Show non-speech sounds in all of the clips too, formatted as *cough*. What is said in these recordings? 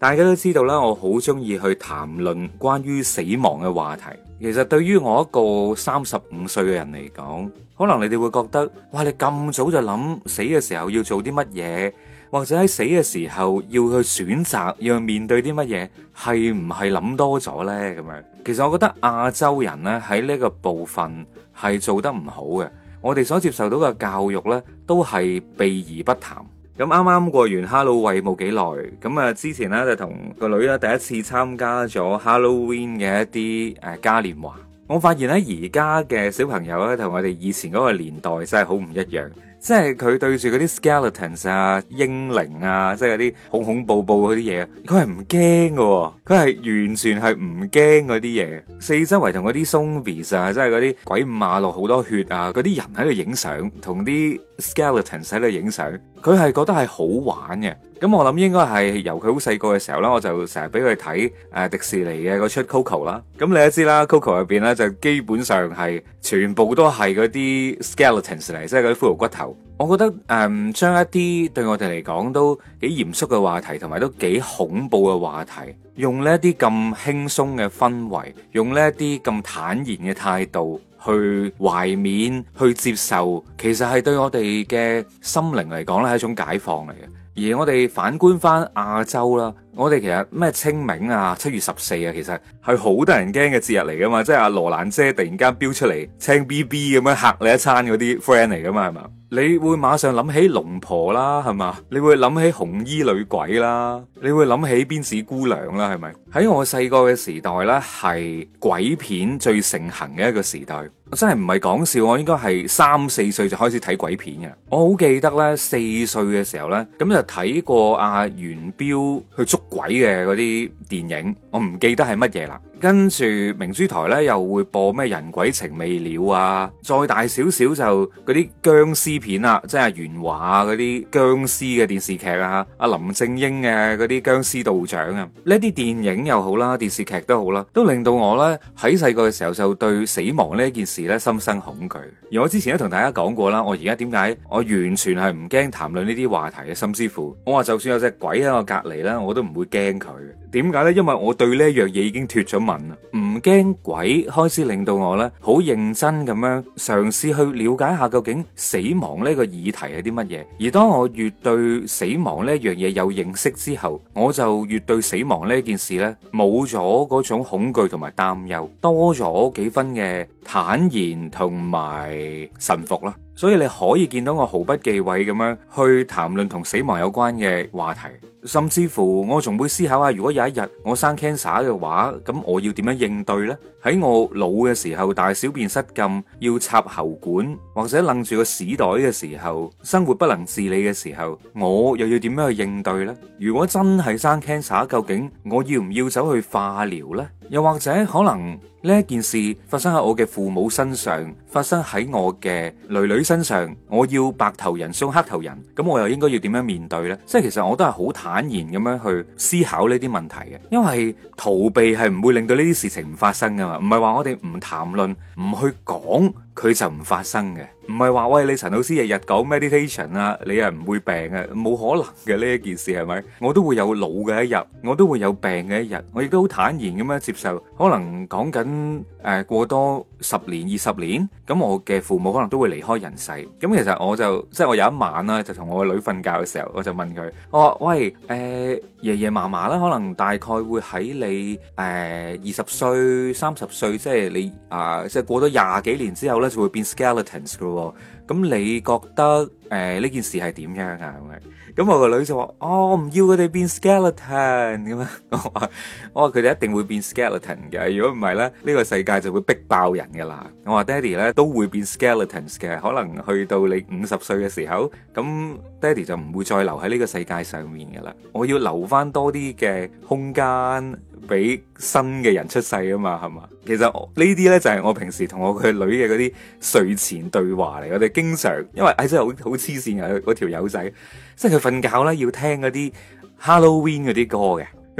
大家都知道啦，我好中意去談論關於死亡嘅話題。其實對於我一個三十五歲嘅人嚟講，可能你哋會覺得，哇！你咁早就諗死嘅時候要做啲乜嘢，或者喺死嘅時候要去選擇，要去面對啲乜嘢，係唔係諗多咗呢？咁樣，其實我覺得亞洲人呢，喺呢個部分係做得唔好嘅。我哋所接受到嘅教育呢，都係避而不談。咁啱啱過完，Halloween，冇幾耐，咁啊之前咧就同個女咧第一次參加咗 Halloween 嘅一啲誒嘉年華，我發現咧而家嘅小朋友咧同我哋以前嗰個年代真係好唔一樣。即係佢對住嗰啲 skeletons 啊、英靈啊，即係嗰啲恐恐怖怖嗰啲嘢，佢係唔驚嘅，佢係完全係唔驚嗰啲嘢。四周圍同嗰啲 zombies 啊，即係嗰啲鬼五馬六，好多血啊，嗰啲人喺度影相，同啲 skeletons 喺度影相，佢係覺得係好玩嘅。咁我諗應該係由佢好細個嘅時候呢，我就成日俾佢睇誒迪士尼嘅嗰出 Coco 啦。咁你都知啦，Coco 入邊呢就基本上係全部都係嗰啲 Skeletons 嚟，即係嗰啲骷髏骨頭。我覺得誒、呃，將一啲對我哋嚟講都幾嚴肅嘅話題，同埋都幾恐怖嘅話題，用呢啲咁輕鬆嘅氛圍，用呢啲咁坦然嘅態度去懷緬、去接受，其實係對我哋嘅心靈嚟講呢，係一種解放嚟嘅。而我哋反觀翻亞洲啦，我哋其實咩清明啊，七月十四啊，其實係好多人驚嘅節日嚟噶嘛，即係阿羅蘭姐突然間飆出嚟，青 B B 咁樣嚇你一餐嗰啲 friend 嚟噶嘛，係嘛？你會馬上諗起龍婆啦，係嘛？你會諗起紅衣女鬼啦，你會諗起鞭子姑娘啦，係咪？喺我細個嘅時代呢，係鬼片最盛行嘅一個時代。我真係唔係講笑，我應該係三四歲就開始睇鬼片嘅。我好記得呢，四歲嘅時候呢，咁就睇過阿、啊、元彪去捉鬼嘅嗰啲電影。我唔記得係乜嘢啦。跟住明珠台呢，又會播咩人鬼情未了啊。再大少少就嗰啲僵屍片啊，即係元華嗰啲僵屍嘅電視劇啊，阿林正英嘅嗰啲僵屍道長啊，呢啲電影又好啦，啊，電視劇都好啦，啊，都令到我呢喺細個嘅時候就對死亡呢件事呢心生恐懼。而我之前都同大家講過啦，我而家點解我完全係唔驚談論呢啲話題嘅，甚至乎我話就算有隻鬼喺我隔籬呢，我都唔會驚佢。點解呢？因為我對呢樣嘢已經脫咗。唔驚鬼，開始令到我咧好認真咁樣嘗試去了解下究竟死亡呢個議題係啲乜嘢。而當我越對死亡呢樣嘢有認識之後，我就越對死亡呢件事呢冇咗嗰種恐懼同埋擔憂，多咗幾分嘅坦然同埋臣服啦。所以你可以見到我毫不忌諱咁樣去談論同死亡有關嘅話題，甚至乎我仲會思考下，如果有一日我生 cancer 嘅話，咁我要點樣應對呢？喺我老嘅時候，大小便失禁，要插喉管，或者擸住個屎袋嘅時候，生活不能自理嘅時候，我又要點樣去應對呢？如果真係生 cancer，究竟我要唔要走去化療呢？又或者可能，呢一件事發生喺我嘅父母身上，發生喺我嘅女女身上，我要白頭人送黑頭人，咁我又應該要點樣面對呢？即係其實我都係好坦然咁樣去思考呢啲問題嘅，因為逃避係唔會令到呢啲事情唔發生噶嘛，唔係話我哋唔談論，唔去講。佢就唔發生嘅，唔係話喂，你陳老師日日講 meditation 啊，你又唔會病啊，冇可能嘅呢一件事係咪？我都會有老嘅一日，我都會有病嘅一日，我亦都好坦然咁樣接受。可能講緊誒過多十年、二十年，咁我嘅父母可能都會離開人世。咁其實我就即係我有一晚啦，就同我個女瞓覺嘅時候，我就問佢，我話喂，誒爺爺嫲嫲咧，可能大概會喺你誒二十歲、三十歲，即係你啊，即係過咗廿幾年之後。咧就會變 skeletons 嘅喎，咁你覺得誒呢件事係點樣啊？咁啊，咁我個女就話：哦，我唔要佢哋變 skeleton 咁啊！我話：我話佢哋一定會變 skeleton 嘅，如果唔係咧，呢個世界就會逼爆人嘅啦。我話 daddy 咧都會變 skeletons 嘅，可能去到你五十歲嘅時候，咁 daddy 就唔會再留喺呢個世界上面嘅啦。我要留翻多啲嘅空間。俾新嘅人出世啊嘛，係嘛？其實呢啲咧就係、是、我平時同我個女嘅嗰啲睡前對話嚟，我哋經常因為唉、哎，真係好好黐線嘅嗰條友仔，即係佢瞓覺咧要聽嗰啲 Halloween 嗰啲歌嘅。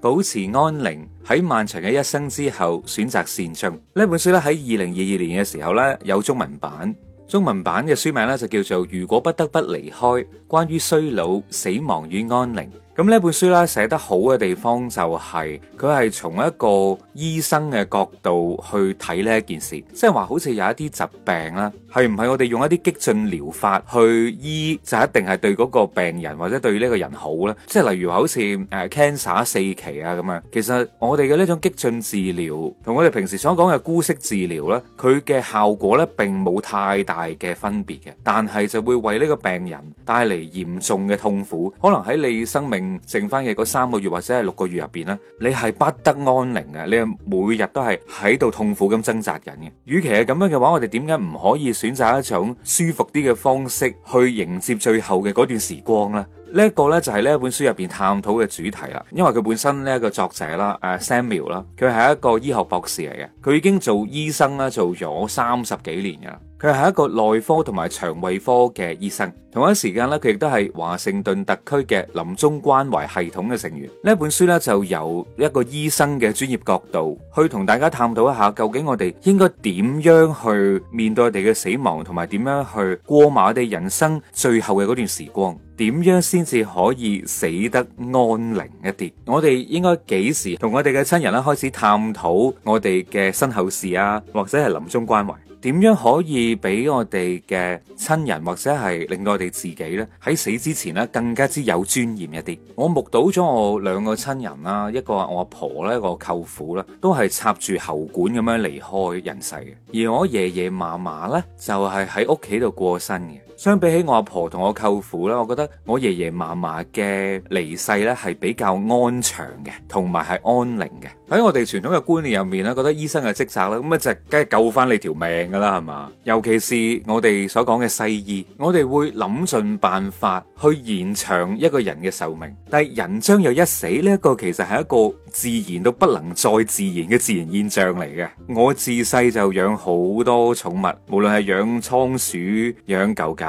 保持安寧喺漫長嘅一生之後，選擇善終。呢本書咧喺二零二二年嘅時候咧有中文版，中文版嘅書名咧就叫做《如果不得不離開：關於衰老、死亡與安寧》。咁呢本書咧寫得好嘅地方就係佢係從一個醫生嘅角度去睇呢一件事，即係話好似有一啲疾病啦，係唔係我哋用一啲激進療法去醫就一定係對嗰個病人或者對呢個人好咧？即係例如好似誒 cancer 四期啊咁樣，其實我哋嘅呢種激進治療同我哋平時所講嘅姑息治療咧，佢嘅效果咧並冇太大嘅分別嘅，但係就會為呢個病人帶嚟嚴重嘅痛苦，可能喺你生命。剩翻嘅嗰三個月或者係六個月入邊咧，你係不得安寧嘅，你每日都係喺度痛苦咁掙扎緊嘅。與其係咁樣嘅話，我哋點解唔可以選擇一種舒服啲嘅方式去迎接最後嘅嗰段時光呢？呢一個呢就係呢一本書入邊探討嘅主題啦，因為佢本身呢一個作者啦，啊，Samuel 啦，佢係一個醫學博士嚟嘅，佢已經做醫生啦，做咗三十幾年噶啦，佢係一個內科同埋腸胃科嘅醫生，同一時間呢，佢亦都係華盛頓特區嘅臨終關懷系統嘅成員。呢本書呢，就由一個醫生嘅專業角度去同大家探討一下，究竟我哋應該點樣去面對我哋嘅死亡，同埋點樣去過埋我哋人生最後嘅嗰段時光。點樣先至可以死得安寧一啲？我哋應該幾時同我哋嘅親人咧開始探討我哋嘅身後事啊，或者係臨終關懷？點樣可以俾我哋嘅親人或者係令到我哋自己咧喺死之前咧更加之有尊嚴一啲？我目睹咗我兩個親人啦，一個我阿婆咧，一個我舅父啦，都係插住喉管咁樣離開人世嘅。而我爺爺嫲嫲呢，就係喺屋企度過身嘅。相比起我阿婆同我舅父咧，我覺得我爺爺嫲嫲嘅離世咧係比較安詳嘅，同埋係安寧嘅。喺我哋傳統嘅觀念入面咧，覺得醫生嘅職責啦，咁啊就梗係救翻你條命噶啦，係嘛？尤其是我哋所講嘅西醫，我哋會諗盡辦法去延長一個人嘅壽命，但係人將有一死呢一個，其實係一個自然到不能再自然嘅自然現象嚟嘅。我自細就養好多寵物，無論係養倉鼠、養狗、狗。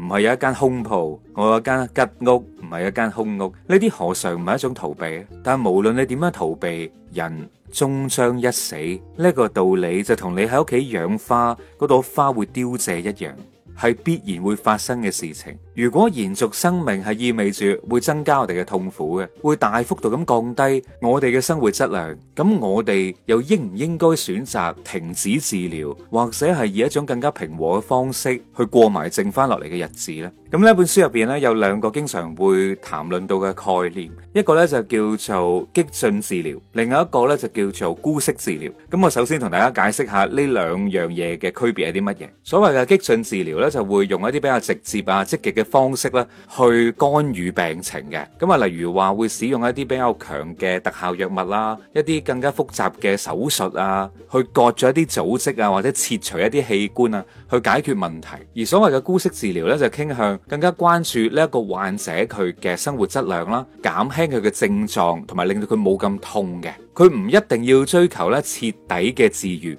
唔係有一間空鋪，我有一間吉屋，唔係一間空屋。呢啲何嘗唔係一種逃避，但係無論你點樣逃避，人終將一死。呢、這、一個道理就同你喺屋企養花，嗰朵花會凋謝一樣，係必然會發生嘅事情。如果延續生命係意味住會增加我哋嘅痛苦嘅，會大幅度咁降低我哋嘅生活質量，咁我哋又應唔應該選擇停止治療，或者係以一種更加平和嘅方式去過埋剩翻落嚟嘅日子呢？咁呢一本書入邊咧有兩個經常會談論到嘅概念，一個咧就叫做激進治療，另外一個咧就叫做姑息治療。咁我首先同大家解釋下呢兩樣嘢嘅區別係啲乜嘢。所謂嘅激進治療咧就會用一啲比較直接啊積極嘅。方式咧去干預病情嘅，咁啊，例如話會使用一啲比較強嘅特效藥物啦，一啲更加複雜嘅手術啊，去割咗一啲組織啊，或者切除一啲器官啊，去解決問題。而所謂嘅姑息治療呢，就傾向更加關注呢一個患者佢嘅生活質量啦，減輕佢嘅症狀，同埋令到佢冇咁痛嘅，佢唔一定要追求咧徹底嘅治愈。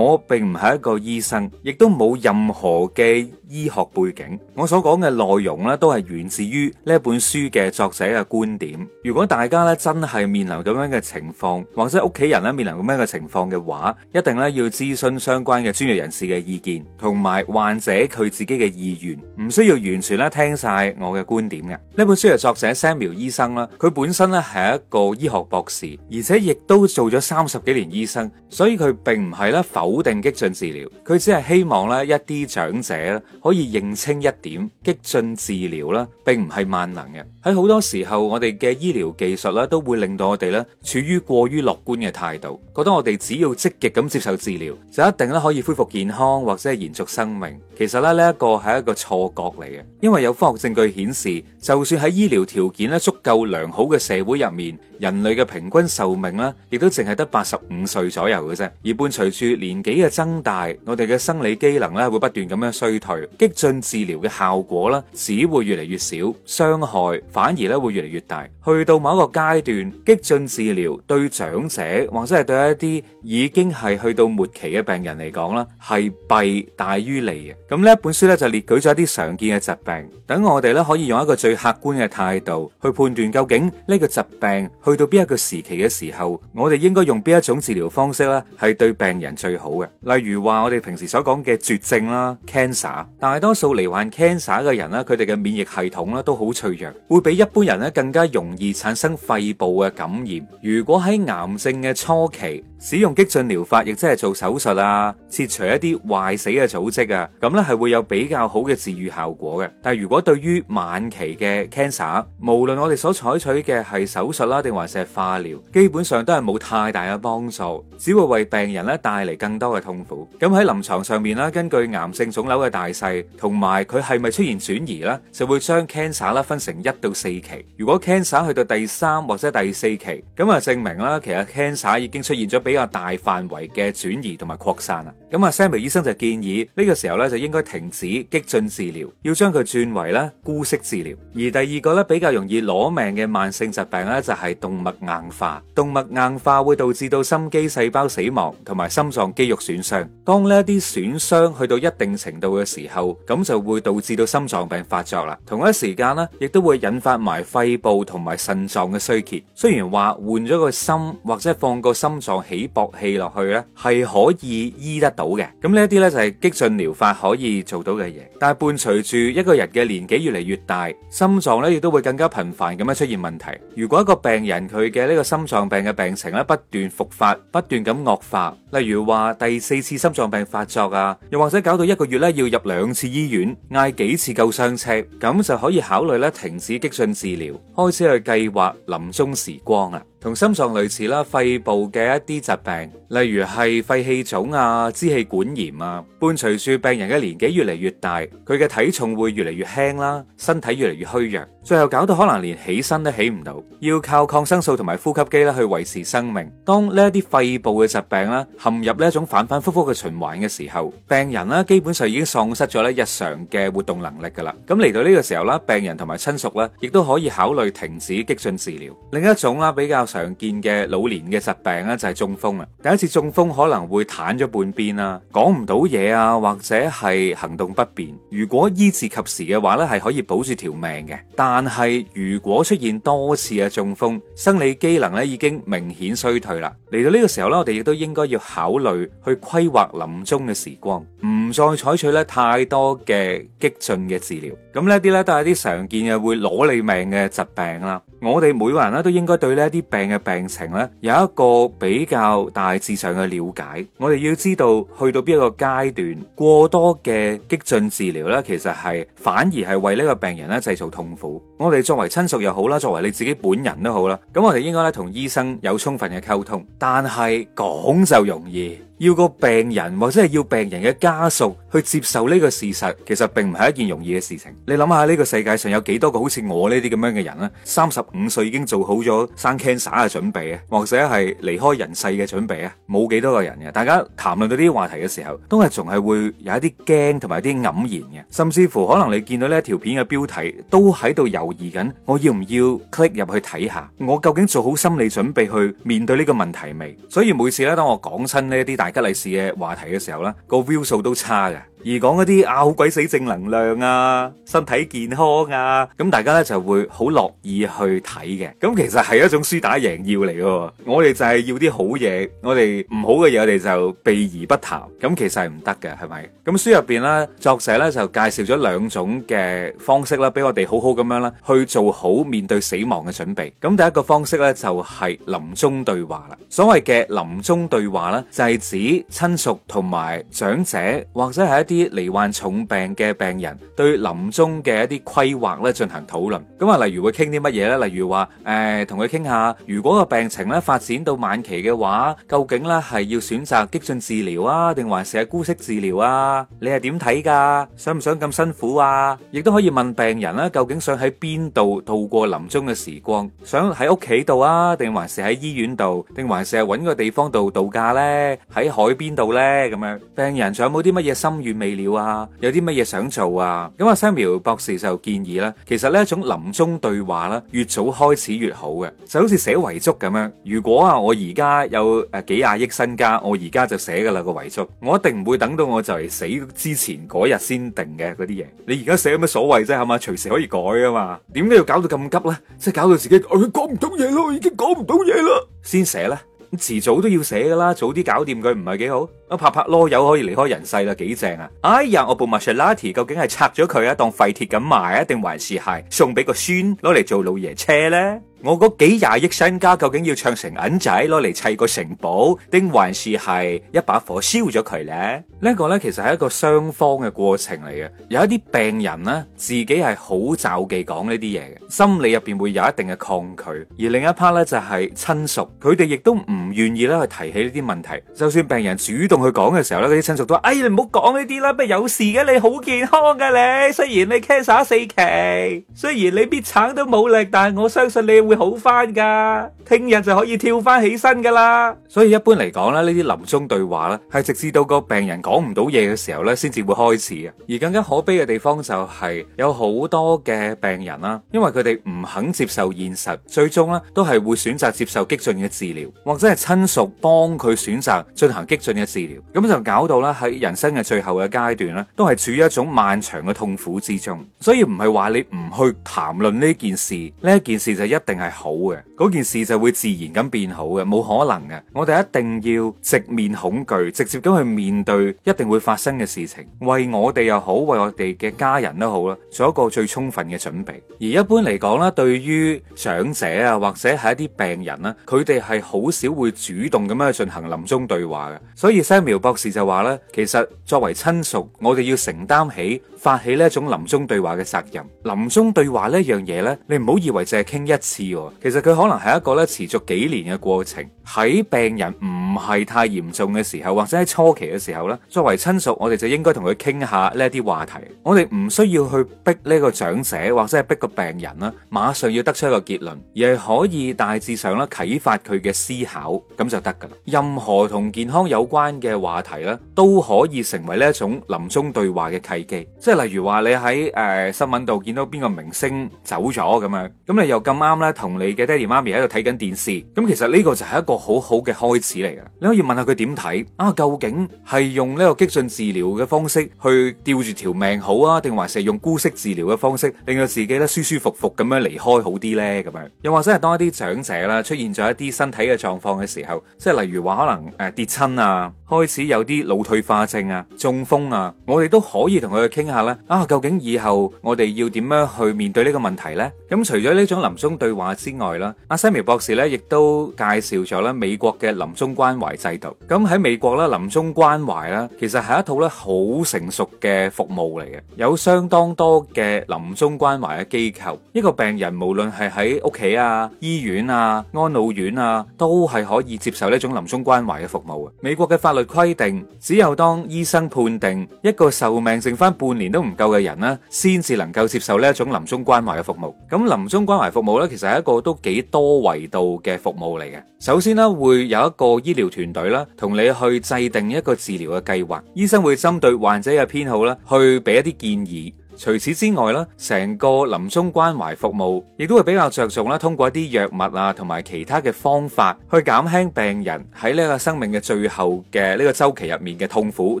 我並唔係一個醫生，亦都冇任何嘅醫學背景。我所講嘅內容咧，都係源自於呢本書嘅作者嘅觀點。如果大家咧真係面臨咁樣嘅情況，或者屋企人咧面臨咁樣嘅情況嘅話，一定咧要諮詢相關嘅專業人士嘅意見，同埋患者佢自己嘅意願，唔需要完全咧聽晒我嘅觀點嘅。呢本書係作者 Samuel 醫生啦，佢本身咧係一個醫學博士，而且亦都做咗三十幾年醫生，所以佢並唔係咧。保定激進治療，佢只係希望咧一啲長者咧可以認清一點，激進治療啦，並唔係萬能嘅。喺好多時候，我哋嘅醫療技術咧都會令到我哋咧處於過於樂觀嘅態度，覺得我哋只要積極咁接受治療，就一定咧可以恢復健康或者係延續生命。其實呢一個係一個錯覺嚟嘅，因為有科學證據顯示，就算喺醫療條件咧足夠良好嘅社會入面，人類嘅平均壽命呢亦都淨係得八十五歲左右嘅啫。而伴隨住年紀嘅增大，我哋嘅生理機能咧會不斷咁樣衰退，激進治療嘅效果呢只會越嚟越少，傷害反而咧會越嚟越大。去到某一個階段，激進治療對長者或者係對一啲已經係去到末期嘅病人嚟講咧係弊大於利嘅。咁呢本書咧就列舉咗一啲常見嘅疾病，等我哋咧可以用一個最客觀嘅態度去判斷究竟呢個疾病去到邊一個時期嘅時候，我哋應該用邊一種治療方式咧係對病人最好嘅。例如話，我哋平時所講嘅絕症啦，cancer，大多數罹患 cancer 嘅人呢，佢哋嘅免疫系統咧都好脆弱，會比一般人咧更加容易產生肺部嘅感染。如果喺癌症嘅初期，使用激進療法亦即係做手術啊，切除一啲壞死嘅組織啊，咁咧係會有比較好嘅治癒效果嘅。但係如果對於晚期嘅 cancer，無論我哋所採取嘅係手術啦，定還是係化療，基本上都係冇太大嘅幫助，只會為病人咧帶嚟更多嘅痛苦。咁喺臨床上面啦，根據癌症腫瘤嘅大細同埋佢係咪出現轉移啦，就會將 cancer 分成一到四期。如果 cancer 去到第三或者第四期，咁啊證明啦，其實 cancer 已經出現咗。比較大範圍嘅轉移同埋擴散啊，咁啊 Sammy 醫生就建議呢個時候咧就應該停止激進治療，要將佢轉為咧姑息治療。而第二個咧比較容易攞命嘅慢性疾病咧就係動脈硬化。動脈硬化會導致到心肌細胞死亡同埋心臟肌肉損傷。當呢一啲損傷去到一定程度嘅時候，咁就會導致到心臟病發作啦。同一時間呢亦都會引發埋肺部同埋腎臟嘅衰竭。雖然話換咗個心或者放個心臟器。俾搏氣落去咧，係可以醫得到嘅。咁呢一啲咧就係激進療法可以做到嘅嘢。但係伴隨住一個人嘅年紀越嚟越大，心臟咧亦都會更加頻繁咁樣出現問題。如果一個病人佢嘅呢個心臟病嘅病情咧不斷復發，不斷咁惡化，例如話第四次心臟病發作啊，又或者搞到一個月咧要入兩次醫院，嗌幾次救傷車，咁就可以考慮咧停止激進治療，開始去計劃臨終時光啦。同心臟類似啦，肺部嘅一啲疾病，例如係肺氣腫啊、支氣管炎啊，伴隨住病人嘅年紀越嚟越大，佢嘅體重會越嚟越輕啦，身體越嚟越虛弱，最後搞到可能連起身都起唔到，要靠抗生素同埋呼吸機啦去維持生命。當呢一啲肺部嘅疾病啦，陷入呢一種反反复复嘅循環嘅時候，病人咧基本上已經喪失咗咧日常嘅活動能力噶啦。咁嚟到呢個時候啦，病人同埋親屬咧，亦都可以考慮停止激進治療。另一種啦，比較，常見嘅老年嘅疾病咧就係中風啦，第一次中風可能會癱咗半邊啦，講唔到嘢啊，或者係行動不便。如果醫治及時嘅話咧，係可以保住條命嘅。但係如果出現多次嘅中風，生理機能咧已經明顯衰退啦。嚟到呢個時候咧，我哋亦都應該要考慮去規劃臨終嘅時光。唔再採取咧太多嘅激進嘅治療，咁呢一啲呢都係一啲常見嘅會攞你命嘅疾病啦。我哋每個人呢都應該對呢一啲病嘅病情呢有一個比較大致上嘅了解。我哋要知道去到邊一個階段，過多嘅激進治療呢，其實係反而係為呢個病人呢製造痛苦。我哋作為親屬又好啦，作為你自己本人都好啦，咁我哋應該咧同醫生有充分嘅溝通。但係講就容易。要個病人或者係要病人嘅家屬去接受呢個事實，其實並唔係一件容易嘅事情。你諗下，呢個世界上有幾多個好似我呢啲咁樣嘅人咧？三十五歲已經做好咗生 cancer 嘅準備，或者係離開人世嘅準備啊？冇幾多個人嘅。大家談論到呢啲話題嘅時候，都係仲係會有一啲驚同埋啲黯然嘅。甚至乎可能你見到呢一條片嘅標題，都喺度猶豫緊，我要唔要 click 入去睇下？我究竟做好心理準備去面對呢個問題未？所以每次咧，當我講親呢啲大，吉利士嘅話題嘅時候咧，個 view 數都差嘅。 *music* 而講嗰啲啊好鬼死正能量啊，身體健康啊，咁大家呢就會好樂意去睇嘅。咁其實係一種輸打贏要嚟嘅。我哋就係要啲好嘢，我哋唔好嘅嘢我哋就避而不談。咁其實係唔得嘅，係咪？咁書入邊呢，作者呢就介紹咗兩種嘅方式啦，俾我哋好好咁樣啦，去做好面對死亡嘅準備。咁第一個方式呢就係臨終對話啦。所謂嘅臨終對話呢，就係指親屬同埋長者或者係一啲罹患重病嘅病人對臨終嘅一啲規劃咧進行討論，咁啊，例如會傾啲乜嘢咧？例如話誒，同佢傾下，如果個病情咧發展到晚期嘅話，究竟咧係要選擇激進治療啊，定還是係姑息治療啊？你係點睇噶？想唔想咁辛苦啊？亦都可以問病人咧，究竟想喺邊度度過臨終嘅時光？想喺屋企度啊，定還是喺醫院度？定還是係搵個地方度度假咧？喺海邊度咧咁樣？病人仲有冇啲乜嘢心願？未了啊，有啲乜嘢想做啊？咁阿 Samuel 博士就建議咧，其實呢一種臨終對話咧，越早開始越好嘅，就好似寫遺囑咁樣。如果啊，我而家有誒幾廿億身家，我而家就寫㗎喇個遺囑，我一定唔會等到我就嚟死之前嗰日先定嘅嗰啲嘢。你而家寫有咩所謂啫，啊？係嘛，隨時可以改啊嘛。點解要搞到咁急咧？即係搞到自己講唔到嘢咯，哎，已經講唔到嘢啦，先寫啦。遲早都要死噶啦，早啲搞掂佢唔係幾好。啊，拍拍囉柚可以離開人世啦，幾正啊！哎呀，我部瑪莎拉蒂究竟係拆咗佢啊，當廢鐵咁賣啊，定還是係送俾個孫攞嚟做老爺車咧？我嗰幾廿億身家究竟要唱成銀仔，攞嚟砌個城堡，定還是係一把火燒咗佢呢？呢個呢，其實係一個雙方嘅過程嚟嘅。有一啲病人呢，自己係好罩忌講呢啲嘢嘅，心理入邊會有一定嘅抗拒。而另一 part 呢，就係親屬，佢哋亦都唔願意咧去提起呢啲問題。就算病人主動去講嘅時候，呢啲親屬都話：哎，你唔好講呢啲啦，咩有事嘅？你好健康嘅你，雖然你 cancer 四期，雖然你必慘都冇力，但係我相信你。會好翻噶，聽日就可以跳翻起身噶啦。所以一般嚟講咧，呢啲臨終對話咧，係直至到個病人講唔到嘢嘅時候咧，先至會開始啊。而更加可悲嘅地方就係、是、有好多嘅病人啦，因為佢哋唔肯接受現實，最終咧都係會選擇接受激進嘅治療，或者係親屬幫佢選擇進行激進嘅治療，咁就搞到啦，喺人生嘅最後嘅階段咧，都係處於一種漫長嘅痛苦之中。所以唔係話你唔去談論呢件事，呢一件事就一定。係好嘅，嗰件事就會自然咁變好嘅，冇可能嘅。我哋一定要直面恐懼，直接咁去面對一定會發生嘅事情，為我哋又好，為我哋嘅家人都好啦，做一個最充分嘅準備。而一般嚟講咧，對於長者啊，或者係一啲病人啦，佢哋係好少會主動咁樣去進行臨終對話嘅。所以 Samuel 博士就話咧，其實作為親屬，我哋要承擔起發起呢一種臨終對話嘅責任。臨終對話呢一樣嘢咧，你唔好以為淨係傾一次。其實，佢可能係一個咧持續幾年嘅過程，喺病人係太嚴重嘅時候，或者喺初期嘅時候呢，作為親屬，我哋就應該同佢傾下呢啲話題。我哋唔需要去逼呢個長者或者係逼個病人啦，馬上要得出一個結論，而係可以大致上咧啟發佢嘅思考，咁就得噶啦。任何同健康有關嘅話題呢，都可以成為呢一種臨終對話嘅契機。即係例如話你喺誒、呃、新聞度見到邊個明星走咗咁樣，咁你又咁啱咧同你嘅爹哋媽咪喺度睇緊電視，咁其實呢個就係一個好好嘅開始嚟噶。你可以問下佢點睇啊？究竟係用呢個激進治療嘅方式去吊住條命好啊，定還是用姑息治療嘅方式令到自己咧舒舒服服咁樣離開好啲呢？咁樣又或者係當一啲長者啦出現咗一啲身體嘅狀況嘅時候，即係例如話可能誒、呃、跌親啊。開始有啲腦退化症啊、中風啊，我哋都可以同佢傾下咧。啊，究竟以後我哋要點樣去面對呢個問題呢？咁除咗呢種臨終對話之外啦，阿西米博士咧亦都介紹咗咧美國嘅臨終關懷制度。咁喺美國咧，臨終關懷啦其實係一套咧好成熟嘅服務嚟嘅，有相當多嘅臨終關懷嘅機構。一個病人無論係喺屋企啊、醫院啊、安老院啊，都係可以接受呢種臨終關懷嘅服務嘅。美國嘅法律，規定只有當醫生判定，一個壽命剩翻半年都唔夠嘅人呢，先至能夠接受呢一種臨終關懷嘅服務。咁臨終關懷服務呢，其實係一個都幾多維度嘅服務嚟嘅。首先咧，會有一個醫療團隊啦，同你去制定一個治療嘅計劃。醫生會針對患者嘅偏好啦，去俾一啲建議。除此之外咧，成個臨終關懷服務亦都係比較着重咧，通過一啲藥物啊，同埋其他嘅方法去減輕病人喺呢個生命嘅最後嘅呢個週期入面嘅痛苦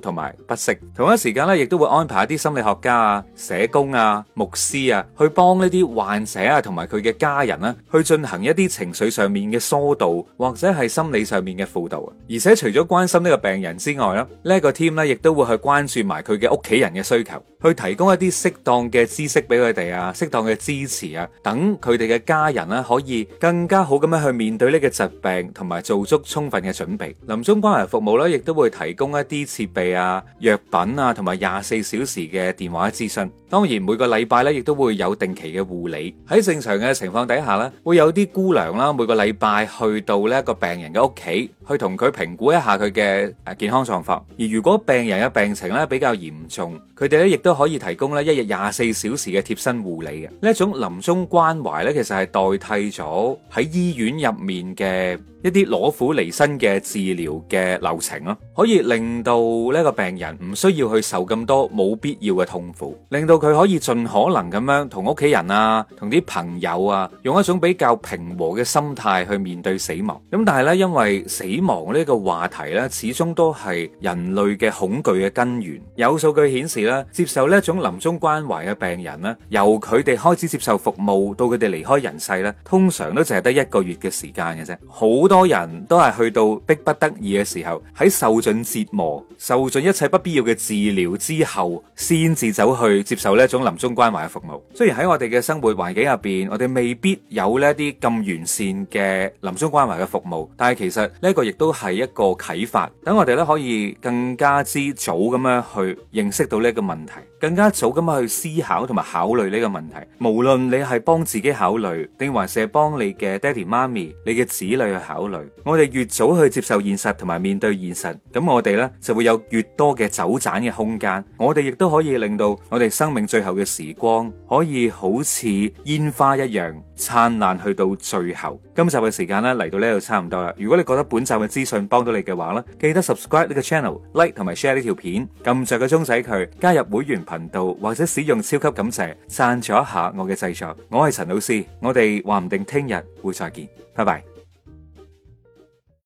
同埋不適。同一時間咧，亦都會安排一啲心理學家啊、社工啊、牧師啊，去幫呢啲患者啊同埋佢嘅家人啊，去進行一啲情緒上面嘅疏導，或者係心理上面嘅輔導。而且除咗關心呢個病人之外啦，呢一個 team 咧亦都會去關注埋佢嘅屋企人嘅需求，去提供一啲適適當嘅知識俾佢哋啊，適當嘅支持啊，等佢哋嘅家人咧可以更加好咁樣去面對呢個疾病，同埋做足充分嘅準備。臨終關懷服務呢，亦都會提供一啲設備啊、藥品啊，同埋廿四小時嘅電話諮詢。當然每個禮拜呢，亦都會有定期嘅護理。喺正常嘅情況底下呢，會有啲姑娘啦，每個禮拜去到呢一個病人嘅屋企，去同佢評估一下佢嘅誒健康狀況。而如果病人嘅病情咧比較嚴重，佢哋咧亦都可以提供呢一廿四小時嘅貼身護理嘅呢一種臨終關懷呢，其實係代替咗喺醫院入面嘅一啲攞苦離身嘅治療嘅流程咯，可以令到呢個病人唔需要去受咁多冇必要嘅痛苦，令到佢可以盡可能咁樣同屋企人啊、同啲朋友啊，用一種比較平和嘅心態去面對死亡。咁但係咧，因為死亡呢個話題咧，始終都係人類嘅恐懼嘅根源。有數據顯示咧，接受呢一種臨終關懷嘅病人咧，由佢哋開始接受服務到佢哋離開人世咧，通常都淨係得一個月嘅時間嘅啫，好。好多人都係去到逼不得已嘅時候，喺受盡折磨、受盡一切不必要嘅治療之後，先至走去接受呢一種臨終關懷嘅服務。雖然喺我哋嘅生活環境入邊，我哋未必有呢啲咁完善嘅臨終關懷嘅服務，但係其實呢一個亦都係一個啟發，等我哋咧可以更加之早咁樣去認識到呢一個問題，更加早咁樣去思考同埋考慮呢個問題。無論你係幫自己考慮，定還是係幫你嘅爹哋媽咪、你嘅子女去考。考慮，我哋越早去接受現實，同埋面對現實，咁我哋呢就會有越多嘅走盞嘅空間。我哋亦都可以令到我哋生命最後嘅時光可以好似煙花一樣燦爛，去到最後。今集嘅時間呢，嚟到呢度差唔多啦。如果你覺得本集嘅資訊幫到你嘅話呢，記得 subscribe 呢個 channel、like 同埋 share 呢條片撳着個鐘仔佢加入會員頻道，或者使用超級感謝贊助一下我嘅製作。我係陳老 C，我哋話唔定聽日會再見，拜拜。